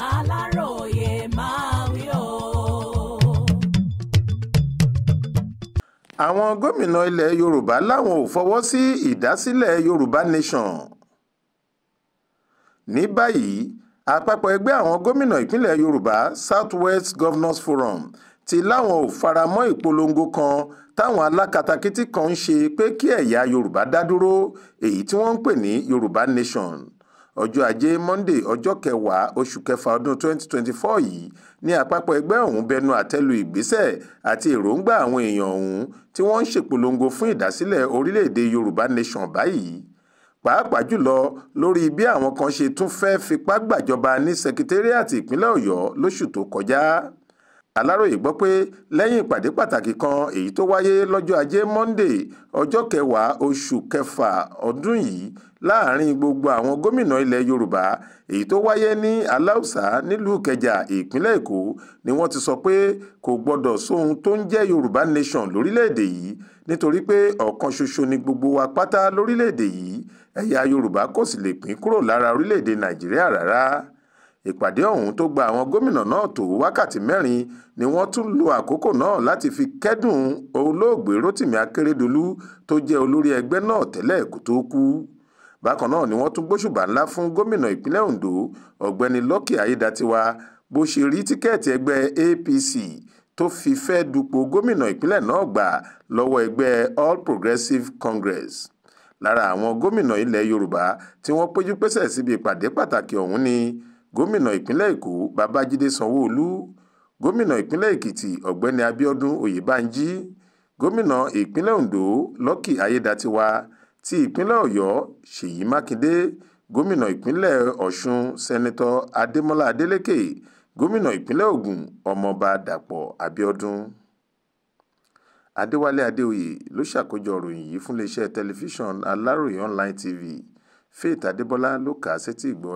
aláròye máa wí o. àwọn gómìnà ilẹ̀ yorùbá làwọn ò fọwọ́ sí ìdásílẹ̀ yorùbá nation ní báyìí àpapọ̀ ẹgbẹ́ àwọn gómìnà ìpínlẹ̀ yorùbá south governors forum ti láwọn ò faramọ́ ìpolongo kan táwọn alákatakítí kan ń ṣe pé kí ẹ̀yà yorùbá dá dúró èyí tí wọ́n ń pè ní yorùbá nation ọjọ́ ajé monde ọjọ́ kẹwàá oṣù kẹfà ọdún 2024 yìí ní àpapọ̀ ẹgbẹ́ ọ̀hún bẹnu àtẹ́lu ìgbésẹ̀ àti èròǹgbà àwọn èèyàn ọ̀hún tí wọ́n ń ṣèpolongo fún ìdásílẹ̀ orílẹ̀-èdè yorùbá nation báyìí pàápàá jùlọ lórí bí àwọn kan ṣe tún fẹ́ fipá gbàjọba ní sekitérìàti ìpínlẹ̀ ọ̀yọ́ lóṣù tó kọjá aláròye gbọ́ pé lẹ́yìn ìpàdé pàtàkì kan èyí tó wáyé lọ́jọ́ ajé monde ọjọ́ kẹwàá oṣù kẹfà ọdún yìí láàrin gbogbo àwọn gómìnà ilẹ̀ yorùbá èyí tó wáyé ní aláùsá nílùú ìkẹjà ìpínlẹ̀ èkó ni wọ́n ti sọ pé kò gbọ́dọ̀ sóhun tó ń jẹ́ yorùbá nation lórílẹ̀‐èdè yìí nítorí pé ọ̀kan ṣoṣo ni gbogbo wa pátá lórílẹ̀‐èdè yìí ẹ̀yà yorùbá kò sì lè pín kúrò lára orílẹ̀‐èdè nàìjíríà rárá ìpàdé ọ̀hún tó gba àwọn gómìnà náà tó wákàtí mẹ́rin ni wọ́n tún lo àkókò náà láti fi kẹ́dùn olóògbé Rotimi Akeredolu tó jẹ́ olórí ẹgbẹ́ náà tẹ́lẹ̀ kó tó kú bákan náà ni wọ́n tún gbóṣùbà ńlá fún gómìnà ìpínlẹ̀ Ondo ọ̀gbẹ́ni Lucky Ayédatiwa bó ṣe rí tíkẹ́ẹ̀tì ẹgbẹ́ APC tó fi fẹ́ dupò gómìnà ìpínlẹ̀ náà gbà lọ́wọ́ ẹgbẹ́ All Progressive Congress lára àwọn gómìnà ilẹ̀ Yorùbá tí wọ́n péjú pésẹ̀ síbi ìpàdé pàtàkì ọ̀hún ni gómìnà ìpínlẹ̀ èkó babájídé sanwóolu gómìnà ìpínlẹ̀ èkìtì ọ̀gbẹ́ni abíọ́dún oyèbánjí gómìnà ìpínlẹ̀ ondo lucky ayédatiwa ti ìpínlẹ̀ ọ̀yọ́ ṣèyí mákindé gómìnà ìpínlẹ̀ ọ̀ṣun sẹ́nitọ́ adémọ́lá adélèké gómìnà ìpínlẹ̀ ògùn ọmọọba dàpọ̀ abíọ́dún adéwálé adéoyè ló ṣàkójọ ìròyìn yìí fún iléeṣẹ́ tẹlifíṣàn aláròye online tv faith adébọlá ló kà á sétí ìgbọ́